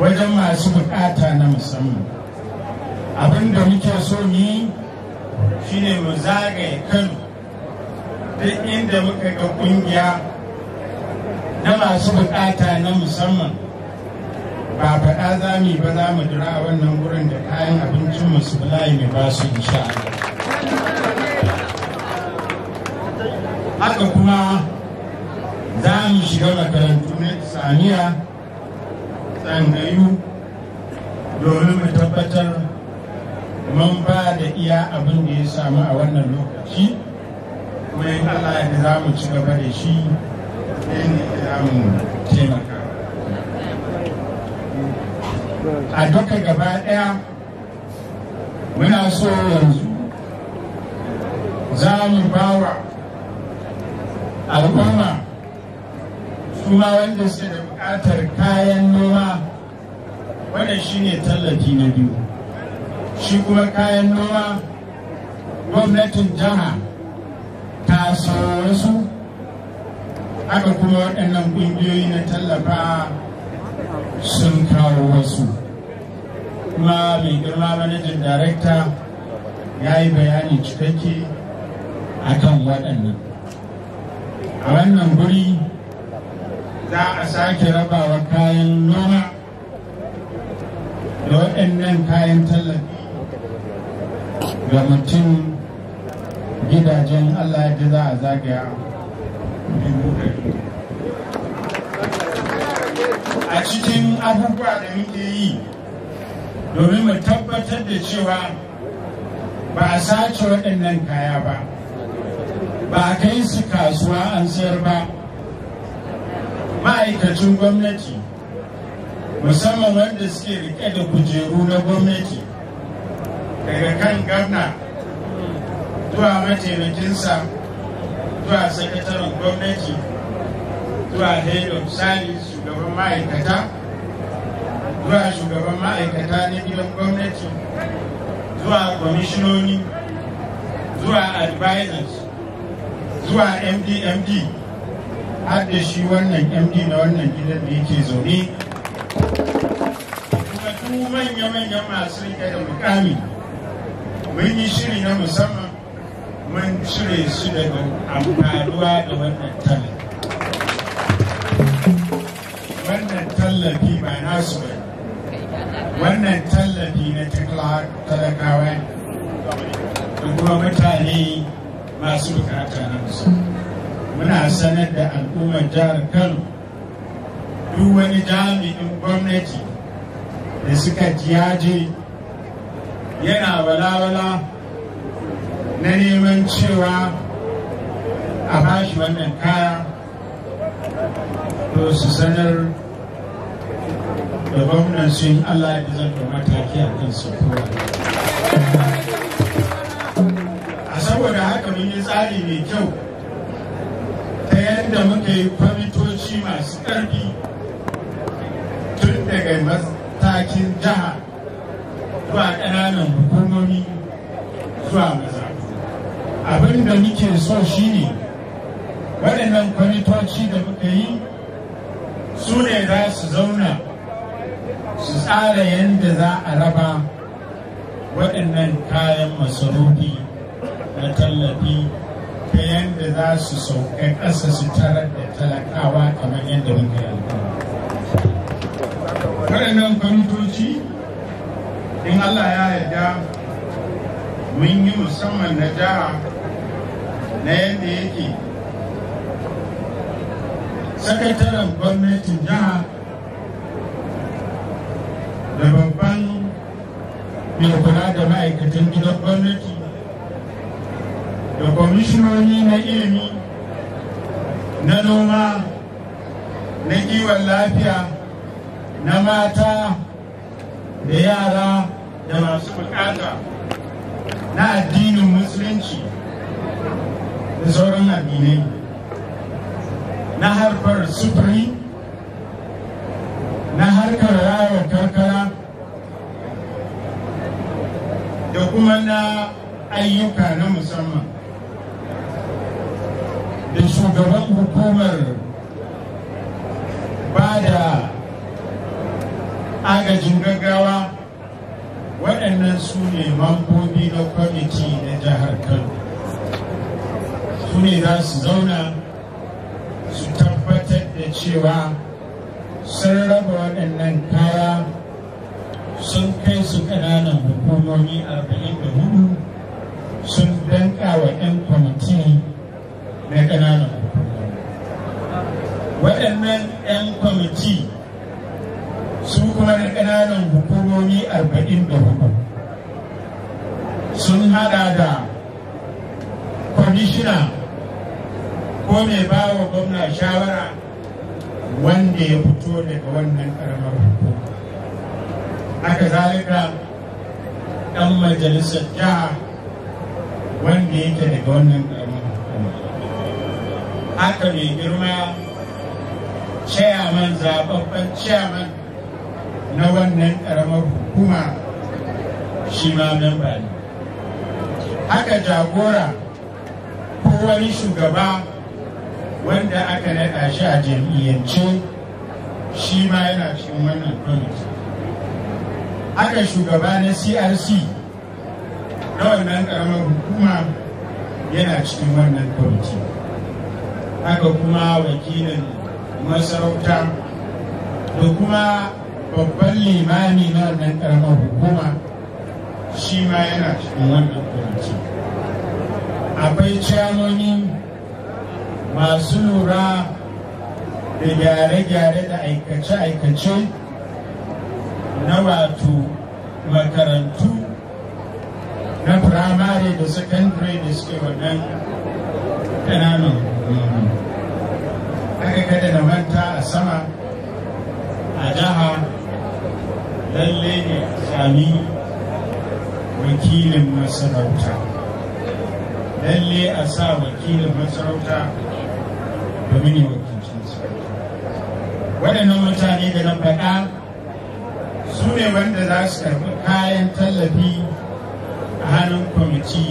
wajen masu bukata na musamman abin da muke so ni shine mu zagaye kano duk inda muka ga kungiya na masu bukata na musamman ba faɗa za mu ba za mu jira a wannan gurin da kayan abincin musu bulayi mai ba su insha haka kuma za mu shiga makarantu na islamiyya tsangayu domin mu tabbatar mun ba da iya abin da ya samu a wannan lokaci kuma Allah ya za mu ci gaba da shi ne za mu taimaka a duka gaba ɗaya muna so yanzu za mu ba wa al'umma Kuma wanda su da bukatar kayan noma shi ne tallafi na biyu shi kuma kayan noma gwamnatin jiha ta saurari su aka kuma waɗannan ƙungiyoyi na tallafa sun kawo wasu kuma mai girma manajan darekta ya yi bayani cikakke a kan waɗannan a wannan guri za a sake rabawa kayan noma da waɗannan kayan tallafi ga mutum gidajen allah ya za a zagaya a cikin abubuwa da muke yi domin mu tabbatar da cewa ba a sace waɗannan kaya ba ba a kai su kasuwa an sayar ba ma'aikacin gwamnati musamman wanda suke rike da kujeru na gwamnati daga kan gana zuwa mataimakinsa zuwa sakataren gwamnati zuwa head of shugaban ma'aikata zuwa shugaban ma'aikata na gidan gwamnati zuwa kwamishinoni zuwa advisors zuwa mdmd haɗe shi wannan md na wannan gidan da yake zaune kuma duk manya-manya masu rike da mukami mun yi shiri na musamman mun cire su daga amfanuwa da wannan tallafi wannan tallafi ba nasu ba wannan tallafi na talakawa ne da kuma mutane masu bukata na musamman muna sanar da al'ummar jihar kano duk wani jami'in gwamnati da suka jiyaje yana walawala na neman cewa a bashi wannan kaya to su sanar da gwamnan sun allah da zan da mataki a kan kowa a saboda haka mun yi tsari mai kyau da muka yi kwamitoci masu ƙarfi tun daga matakin jiha zuwa ƙananan hukumomi zuwa maza abin da muke so shine waɗannan kwamitoci da muka yi su ne za su zauna su tsara yadda za a raba waɗannan kayan masarufi na tallafi ta yadda za su sauka ƙasa su tarar da talakawa kamar yadda muka yi waɗannan kwamitoci in allah ya yarda mun yi musamman na jaha na yadda yake sakataren gwamnatin jiha da babban mai kula da ma'aikatan gidan gwamnati da kwamishinoni na ilimi na noma na kiwon lafiya na mata da yara da masu bukata na addinin musulunci da sauran addinai na harkar sufuri na harkar rayuwar karkara da kuma na ayyuka na musamman da shugaban hukumar ba da agajin gaggawa waɗannan su ne mambobi na kwamiti na jihar kano su ne za su zauna su tabbatar da cewa sun raba waɗannan kaya sun kai su ƙananan hukumomi 44 sun danka wa 'yan kwamiti na ƙananan waɗannan 'yan kwamiti su kuma na ƙananan hukumomi 44 sun hada da kwamishina ko mai ba wa gwamna shawara wanda ya fito daga wannan ƙaramar hukuma haka zalika ɗan majalisar jiha wanda yake daga wannan ƙaramar hukuma haka mai girma chairman zababben chairman na wannan karamar hukuma shi ma memba ne haka jagora ko wani shugaba wanda aka naɗa shi a jam'iyyance shi ma yana cikin wannan kwamiti haka shugaba na crc na wannan karamar hukuma yana cikin wannan kwamiti haka kuma wakilin masarauta da kuma babban limami na wannan karamar hukuma shi ma yana cikin wannan kwamiti akwai canoni masu lura da gyare-gyare da aikace-aikace na wato makarantu na firamare da sakandare da suke wannan kananan haka kada na manta a sama a daha lalle ne sami wakilin masarauta lalle a sa wakilin masarauta domin ya wakilcinsu waɗannan mutane da na faɗa su ne wanda za su karɓi kayan tallafi a hannun kwamiti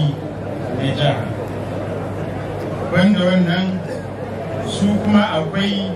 na jihar banda wannan su kuma akwai